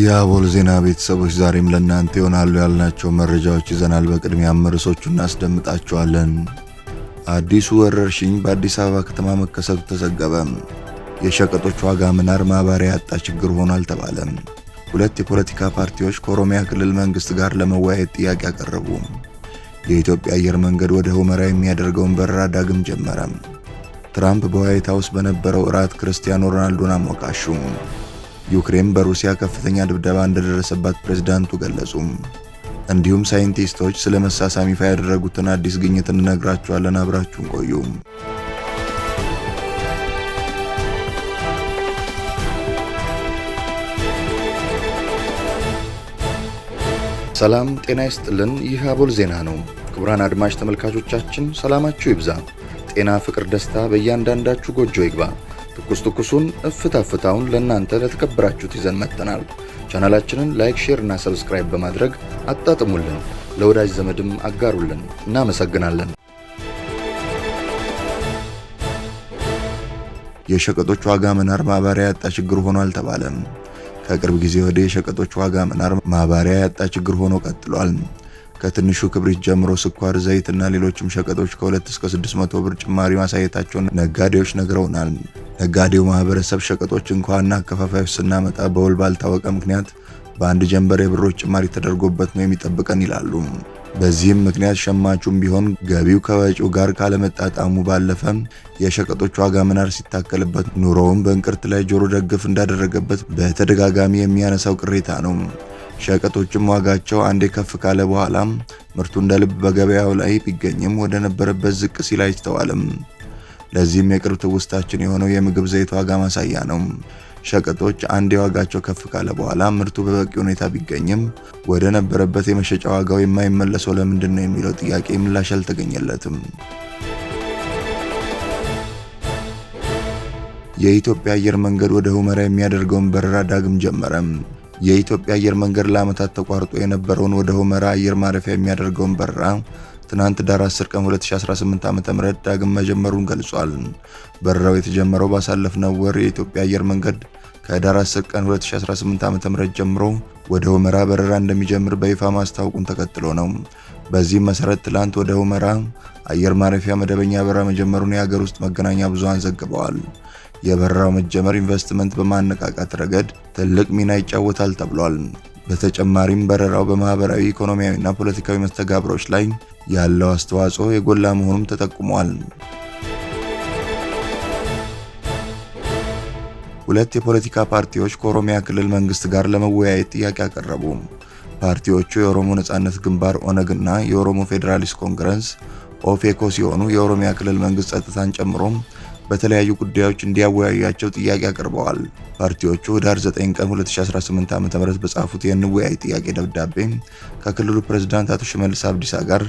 የአቦል ዜና ቤተሰቦች ዛሬም ለእናንተ ይሆናሉ ያልናቸው መረጃዎች ይዘናል። በቅድሚያም ርዕሶቹ እናስደምጣቸዋለን። አዲሱ ወረርሽኝ በአዲስ አበባ ከተማ መከሰቱ ተዘገበ። የሸቀጦች ዋጋ ምናር ማባሪያ ያጣ ችግር ሆኖ አልተባለም። ሁለት የፖለቲካ ፓርቲዎች ከኦሮሚያ ክልል መንግስት ጋር ለመወያየት ጥያቄ አቀረቡ። የኢትዮጵያ አየር መንገድ ወደ ሁመራ የሚያደርገውን በረራ ዳግም ጀመረ። ትራምፕ በዋይት ሀውስ በነበረው እራት ክርስቲያኖ ሮናልዶን አሞካሹ። ዩክሬን በሩሲያ ከፍተኛ ድብደባ እንደደረሰባት ፕሬዝዳንቱ ገለጹ። እንዲሁም ሳይንቲስቶች ስለ መሳሳም ይፋ ያደረጉትን አዲስ ግኝት እንነግራችኋለን። አብራችሁን ቆዩ። ሰላም ጤና ይስጥልን። ይህ አቦል ዜና ነው። ክቡራን አድማጭ ተመልካቾቻችን ሰላማችሁ ይብዛ፣ ጤና፣ ፍቅር፣ ደስታ በእያንዳንዳችሁ ጎጆ ይግባ። ትኩስ ትኩሱን እፍታ ፍታውን ለእናንተ ለተከበራችሁት ይዘን መጥተናል። ቻናላችንን ላይክ፣ ሼር እና ሰብስክራይብ በማድረግ አጣጥሙልን፣ ለወዳጅ ዘመድም አጋሩልን። እናመሰግናለን። የሸቀጦች ዋጋ መናር ማባሪያ ያጣ ችግር ሆኖ አልተባለም። ከቅርብ ጊዜ ወዲህ የሸቀጦች ዋጋ መናር ማባሪያ ያጣ ችግር ሆኖ ቀጥሏል። ከትንሹ ክብሪት ጀምሮ ስኳር፣ ዘይት እና ሌሎችም ሸቀጦች ከ2 እስከ 600 ብር ጭማሪ ማሳየታቸውን ነጋዴዎች ነግረውናል። ነጋዴው ማህበረሰብ ሸቀጦች እንኳን አከፋፋዮች ስናመጣ በውል ባልታወቀ ምክንያት በአንድ ጀንበር የብሮች ጭማሪ ተደርጎበት ነው የሚጠብቀን ይላሉ። በዚህም ምክንያት ሸማቹም ቢሆን ገቢው ከወጪው ጋር ካለመጣጣሙ ባለፈ የሸቀጦች ዋጋ መናር ሲታከልበት ኑሮውን በእንቅርት ላይ ጆሮ ደግፍ እንዳደረገበት በተደጋጋሚ የሚያነሳው ቅሬታ ነው። ሸቀጦችም ዋጋቸው አንዴ ከፍ ካለ በኋላም ምርቱ እንደ ልብ በገበያው ላይ ቢገኝም ወደ ነበረበት ዝቅ ሲል አይስተዋልም። ለዚህም የቅርብ ትውስታችን የሆነው የምግብ ዘይት ዋጋ ማሳያ ነው። ሸቀጦች አንድ የዋጋቸው ከፍ ካለ በኋላ ምርቱ በበቂ ሁኔታ ቢገኝም ወደ ነበረበት የመሸጫ ዋጋው የማይመለሰው ለምንድን ነው የሚለው ጥያቄ ምላሽ አልተገኘለትም። የኢትዮጵያ አየር መንገድ ወደ ሁመራ የሚያደርገውን በረራ ዳግም ጀመረ። የኢትዮጵያ አየር መንገድ ለዓመታት ተቋርጦ የነበረውን ወደ ሁመራ አየር ማረፊያ የሚያደርገውን በረራ ትናንት ዳር 10 ቀን 2018 ዓ.ም ዳግም መጀመሩን ገልጿል። በረራው የተጀመረው ባሳለፍነው ወር የኢትዮጵያ አየር መንገድ ከዳር 10 ቀን 2018 ዓ.ም ጀምሮ ወደ ሁመራ በረራ እንደሚጀምር በይፋ ማስታወቁን ተከትሎ ነው። በዚህም መሰረት ትላንት ወደ ሁመራ አየር ማረፊያ መደበኛ በረራ መጀመሩን የሀገር ውስጥ መገናኛ ብዙሃን ዘግበዋል። የበረራው መጀመር ኢንቨስትመንት በማነቃቃት ረገድ ትልቅ ሚና ይጫወታል ተብሏል። በተጨማሪም በረራው በማህበራዊ ኢኮኖሚያዊና ፖለቲካዊ መስተጋብሮች ላይ ያለው አስተዋጽኦ የጎላ መሆኑም ተጠቁሟል። ሁለት የፖለቲካ ፓርቲዎች ከኦሮሚያ ክልል መንግስት ጋር ለመወያየት ጥያቄ አቀረቡ። ፓርቲዎቹ የኦሮሞ ነጻነት ግንባር ኦነግ እና የኦሮሞ ፌዴራሊስት ኮንግረስ ኦፌኮ ሲሆኑ የኦሮሚያ ክልል መንግስት ጸጥታን ጨምሮም በተለያዩ ጉዳዮች እንዲያወያያቸው ጥያቄ አቅርበዋል። ፓርቲዎቹ ህዳር 9 ቀን 2018 ም በጻፉት የእንወያይ ጥያቄ ደብዳቤ ከክልሉ ፕሬዝዳንት አቶ ሽመልስ አብዲሳ ጋር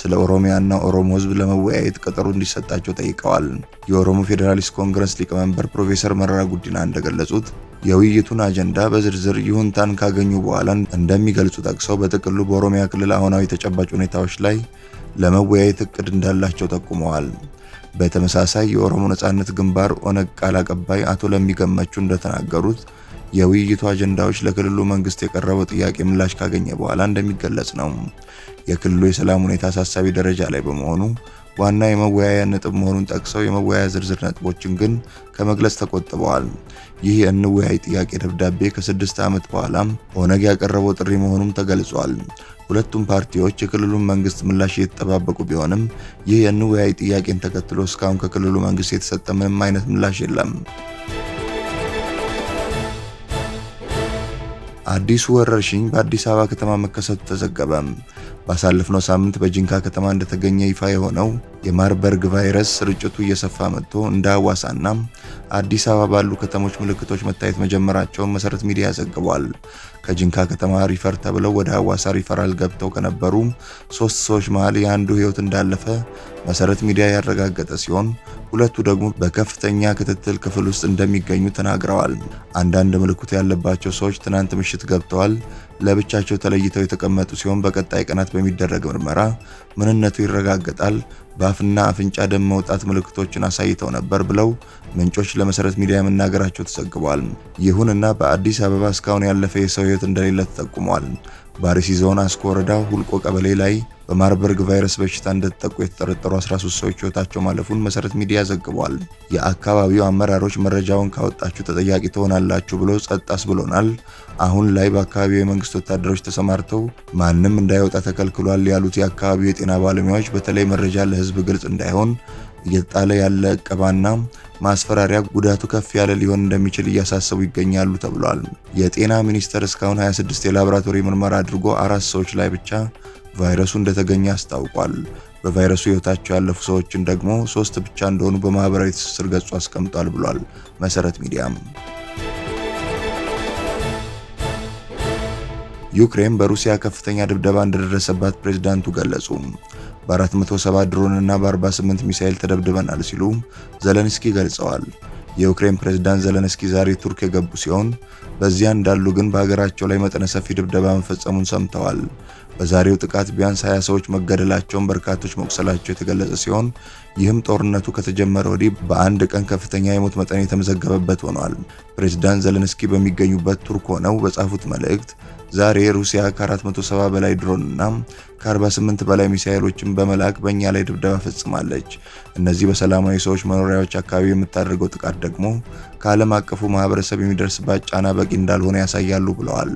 ስለ ኦሮሚያና ኦሮሞ ህዝብ ለመወያየት ቀጠሮ እንዲሰጣቸው ጠይቀዋል። የኦሮሞ ፌዴራሊስት ኮንግረስ ሊቀመንበር ፕሮፌሰር መረራ ጉዲና እንደገለጹት የውይይቱን አጀንዳ በዝርዝር ይሁንታን ካገኙ በኋላ እንደሚገልጹ ጠቅሰው በጥቅሉ በኦሮሚያ ክልል አሁናዊ ተጨባጭ ሁኔታዎች ላይ ለመወያየት እቅድ እንዳላቸው ጠቁመዋል። በተመሳሳይ የኦሮሞ ነጻነት ግንባር ኦነግ ቃል አቀባይ አቶ ለሚገመቹ እንደተናገሩት የውይይቱ አጀንዳዎች ለክልሉ መንግስት የቀረበው ጥያቄ ምላሽ ካገኘ በኋላ እንደሚገለጽ ነው። የክልሉ የሰላም ሁኔታ አሳሳቢ ደረጃ ላይ በመሆኑ ዋና የመወያያ ነጥብ መሆኑን ጠቅሰው የመወያያ ዝርዝር ነጥቦችን ግን ከመግለጽ ተቆጥበዋል። ይህ የእንወያይ ጥያቄ ደብዳቤ ከስድስት ዓመት በኋላም ኦነግ ያቀረበው ጥሪ መሆኑም ተገልጿል። ሁለቱም ፓርቲዎች የክልሉን መንግስት ምላሽ እየተጠባበቁ ቢሆንም ይህ የእንወያይ ጥያቄን ተከትሎ እስካሁን ከክልሉ መንግስት የተሰጠ ምንም አይነት ምላሽ የለም። አዲሱ ወረርሽኝ በአዲስ አበባ ከተማ መከሰቱ ተዘገበ። ባሳለፍነው ሳምንት በጂንካ ከተማ እንደተገኘ ይፋ የሆነው የማርበርግ ቫይረስ ስርጭቱ እየሰፋ መጥቶ እንደ አዋሳና አዲስ አበባ ባሉ ከተሞች ምልክቶች መታየት መጀመራቸውን መሰረት ሚዲያ ዘግቧል። ከጂንካ ከተማ ሪፈር ተብለው ወደ ሐዋሳ ሪፈራል ገብተው ከነበሩ ሶስት ሰዎች መሀል የአንዱ ህይወት እንዳለፈ መሰረት ሚዲያ ያረጋገጠ ሲሆን ሁለቱ ደግሞ በከፍተኛ ክትትል ክፍል ውስጥ እንደሚገኙ ተናግረዋል። አንዳንድ ምልክት ያለባቸው ሰዎች ትናንት ምሽት ገብተዋል። ለብቻቸው ተለይተው የተቀመጡ ሲሆን በቀጣይ ቀናት በሚደረግ ምርመራ ምንነቱ ይረጋገጣል። በአፍና አፍንጫ ደም መውጣት ምልክቶችን አሳይተው ነበር ብለው ምንጮች ለመሰረት ሚዲያ መናገራቸው ተዘግቧል። ይሁንና በአዲስ አበባ እስካሁን ያለፈ የሰው ሕይወት እንደሌለ ተጠቁሟል። በአርሲ ዞን አስኮ ወረዳ ሁልቆ ቀበሌ ላይ በማርበርግ ቫይረስ በሽታ እንደተጠቁ የተጠረጠሩ 13 ሰዎች ሕይወታቸው ማለፉን መሰረት ሚዲያ ዘግቧል። የአካባቢው አመራሮች መረጃውን ካወጣችሁ ተጠያቂ ትሆናላችሁ ብሎ ጸጥ አስብሎናል። አሁን ላይ በአካባቢው የመንግስት ወታደሮች ተሰማርተው ማንም እንዳይወጣ ተከልክሏል ያሉት የአካባቢው የጤና ባለሙያዎች በተለይ መረጃ ለህዝብ ግልጽ እንዳይሆን እየተጣለ ያለ እቀባና ማስፈራሪያ ጉዳቱ ከፍ ያለ ሊሆን እንደሚችል እያሳሰቡ ይገኛሉ ተብሏል። የጤና ሚኒስቴር እስካሁን 26 የላቦራቶሪ ምርመራ አድርጎ አራት ሰዎች ላይ ብቻ ቫይረሱ እንደተገኘ አስታውቋል። በቫይረሱ ህይወታቸው ያለፉ ሰዎችን ደግሞ ሶስት ብቻ እንደሆኑ በማህበራዊ ትስስር ገጹ አስቀምጧል ብሏል መሰረት ሚዲያም ዩክሬን በሩሲያ ከፍተኛ ድብደባ እንደደረሰባት ፕሬዝዳንቱ ገለጹ። በ470 ድሮን እና በ48 ሚሳኤል ተደብድበናል ሲሉ ዘለንስኪ ገልጸዋል። የዩክሬን ፕሬዝዳንት ዘለንስኪ ዛሬ ቱርክ የገቡ ሲሆን በዚያ እንዳሉ ግን በሀገራቸው ላይ መጠነ ሰፊ ድብደባ መፈጸሙን ሰምተዋል። በዛሬው ጥቃት ቢያንስ 20 ሰዎች መገደላቸውን በርካቶች መቁሰላቸው የተገለጸ ሲሆን ይህም ጦርነቱ ከተጀመረ ወዲህ በአንድ ቀን ከፍተኛ የሞት መጠን የተመዘገበበት ሆኗል። ፕሬዚዳንት ዘለንስኪ በሚገኙበት ቱርክ ሆነው በጻፉት መልእክት ዛሬ ሩሲያ ከ470 በላይ ድሮንና ከ48 በላይ ሚሳኤሎችን በመላክ በእኛ ላይ ድብደባ ፈጽማለች። እነዚህ በሰላማዊ ሰዎች መኖሪያዎች አካባቢ የምታደርገው ጥቃት ደግሞ ከዓለም አቀፉ ማህበረሰብ የሚደርስባት ጫና በቂ እንዳልሆነ ያሳያሉ ብለዋል።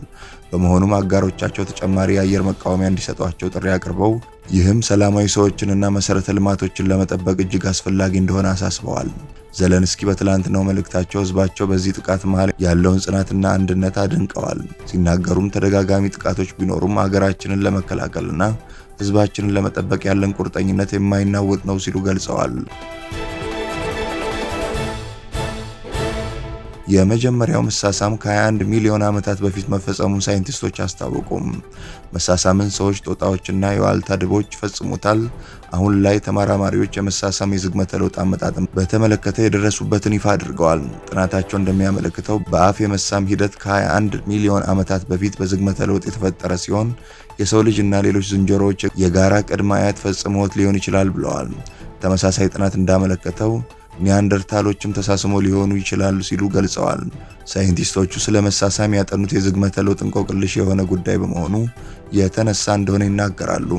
በመሆኑም አጋሮቻቸው ተጨማሪ የአየር መቃወሚያ እንዲሰጧቸው ጥሪ አቅርበው ይህም ሰላማዊ ሰዎችንና መሰረተ ልማቶችን ለመጠበቅ እጅግ አስፈላጊ እንደሆነ አሳስበዋል። ዘለንስኪ በትላንትናው መልእክታቸው ህዝባቸው በዚህ ጥቃት መሃል ያለውን ጽናትና አንድነት አድንቀዋል። ሲናገሩም ተደጋጋሚ ጥቃቶች ቢኖሩም ሀገራችንን ለመከላከልና ህዝባችንን ለመጠበቅ ያለን ቁርጠኝነት የማይናወጥ ነው ሲሉ ገልጸዋል። የመጀመሪያው መሳሳም ከ21 ሚሊዮን ዓመታት በፊት መፈጸሙን ሳይንቲስቶች አስታወቁም። መሳሳምን ሰዎች፣ ጦጣዎችና የዋልታ ድቦች ይፈጽሙታል። አሁን ላይ ተመራማሪዎች የመሳሳም የዝግመተ ለውጥ አመጣጥን በተመለከተ የደረሱበትን ይፋ አድርገዋል። ጥናታቸው እንደሚያመለክተው በአፍ የመሳም ሂደት ከ21 ሚሊዮን ዓመታት በፊት በዝግመተ ለውጥ የተፈጠረ ሲሆን የሰው እና ሌሎች ዝንጀሮዎች የጋራ ቅድመ አያት ፈጽሞት ሊሆን ይችላል ብለዋል። ተመሳሳይ ጥናት እንዳመለከተው ኒያንደርታሎችም ተሳስሞ ሊሆኑ ይችላሉ ሲሉ ገልጸዋል። ሳይንቲስቶቹ ስለ መሳሳም ያጠኑት የዝግመተ ለውጥ እንቆቅልሽ የሆነ ጉዳይ በመሆኑ የተነሳ እንደሆነ ይናገራሉ።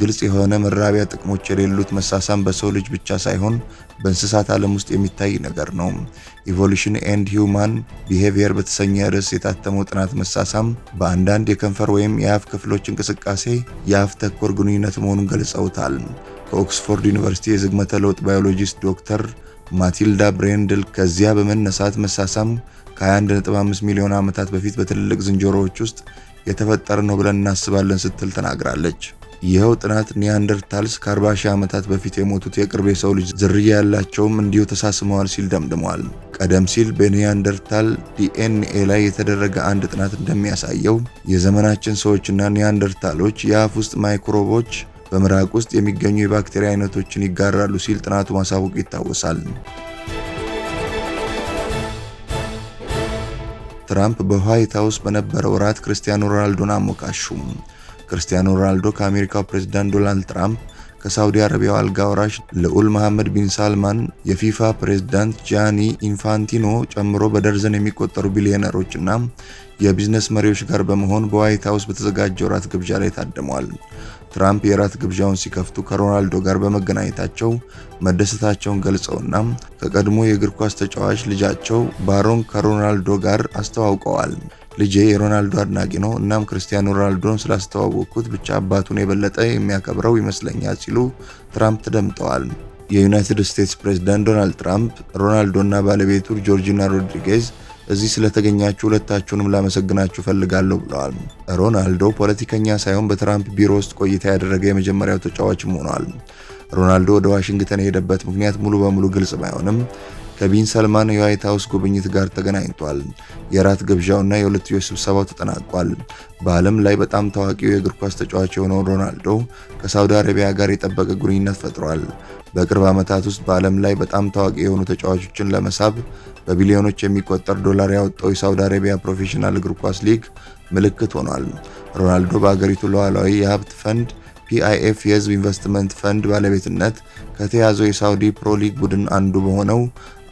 ግልጽ የሆነ መራቢያ ጥቅሞች የሌሉት መሳሳም በሰው ልጅ ብቻ ሳይሆን በእንስሳት ዓለም ውስጥ የሚታይ ነገር ነው። ኢቮሉሽን ኤንድ ሂውማን ቢሄቪየር በተሰኘ ርዕስ የታተመው ጥናት መሳሳም በአንዳንድ የከንፈር ወይም የአፍ ክፍሎች እንቅስቃሴ የአፍ ተኮር ግንኙነት መሆኑን ገልጸውታል። ከኦክስፎርድ ዩኒቨርሲቲ የዝግመተ ለውጥ ባዮሎጂስት ዶክተር ማቲልዳ ብሬንድል ከዚያ በመነሳት መሳሳም ከ21.5 ሚሊዮን ዓመታት በፊት በትልልቅ ዝንጀሮዎች ውስጥ የተፈጠረ ነው ብለን እናስባለን ስትል ተናግራለች። ይኸው ጥናት ኒያንደርታልስ ከ40 ሺህ ዓመታት በፊት የሞቱት የቅርብ የሰው ልጅ ዝርያ ያላቸውም እንዲሁ ተሳስመዋል ሲል ደምድመዋል። ቀደም ሲል በኒያንደርታል ዲኤንኤ ላይ የተደረገ አንድ ጥናት እንደሚያሳየው የዘመናችን ሰዎችና ኒያንደርታሎች የአፍ ውስጥ ማይክሮቦች በምራቅ ውስጥ የሚገኙ የባክቴሪያ አይነቶችን ይጋራሉ ሲል ጥናቱ ማሳወቅ ይታወሳል። ትራምፕ በዋይት ሀውስ በነበረው እራት ክርስቲያኖ ሮናልዶን አሞካሹ። ክርስቲያኖ ሮናልዶ ከአሜሪካው ፕሬዝዳንት ዶናልድ ትራምፕ ከሳውዲ አረቢያው አልጋ ወራሽ ልዑል መሐመድ ቢን ሳልማን፣ የፊፋ ፕሬዝዳንት ጃኒ ኢንፋንቲኖ ጨምሮ በደርዘን የሚቆጠሩ ቢሊዮነሮች እና የቢዝነስ መሪዎች ጋር በመሆን በዋይት ሀውስ በተዘጋጀ እራት ግብዣ ላይ ታድመዋል። ትራምፕ የራት ግብዣውን ሲከፍቱ ከሮናልዶ ጋር በመገናኘታቸው መደሰታቸውን ገልጸውና ከቀድሞ የእግር ኳስ ተጫዋች ልጃቸው ባሮን ከሮናልዶ ጋር አስተዋውቀዋል። ልጄ የሮናልዶ አድናቂ ነው። እናም ክርስቲያኖ ሮናልዶን ስላስተዋወቅኩት ብቻ አባቱን የበለጠ የሚያከብረው ይመስለኛል ሲሉ ትራምፕ ተደምጠዋል። የዩናይትድ ስቴትስ ፕሬዝዳንት ዶናልድ ትራምፕ ሮናልዶና ባለቤቱ ጆርጂና ሮድሪጌዝ እዚህ ስለተገኛችሁ ሁለታችሁንም ላመሰግናችሁ ፈልጋለሁ ብለዋል። ሮናልዶ ፖለቲከኛ ሳይሆን በትራምፕ ቢሮ ውስጥ ቆይታ ያደረገ የመጀመሪያው ተጫዋችም ሆኗል። ሮናልዶ ወደ ዋሽንግተን የሄደበት ምክንያት ሙሉ በሙሉ ግልጽ ባይሆንም ከቢን ሰልማን የዋይት ሀውስ ጉብኝት ጋር ተገናኝቷል። የራት ግብዣውና የሁለትዮሽ ስብሰባው ተጠናቋል። በዓለም ላይ በጣም ታዋቂው የእግር ኳስ ተጫዋች የሆነው ሮናልዶ ከሳውዲ አረቢያ ጋር የጠበቀ ግንኙነት ፈጥሯል። በቅርብ ዓመታት ውስጥ በዓለም ላይ በጣም ታዋቂ የሆኑ ተጫዋቾችን ለመሳብ በቢሊዮኖች የሚቆጠር ዶላር ያወጣው የሳውዲ አረቢያ ፕሮፌሽናል እግር ኳስ ሊግ ምልክት ሆኗል። ሮናልዶ በአገሪቱ ሉዓላዊ የሀብት ፈንድ ፒአይኤፍ የህዝብ ኢንቨስትመንት ፈንድ ባለቤትነት ከተያዘው የሳውዲ ፕሮ ሊግ ቡድን አንዱ በሆነው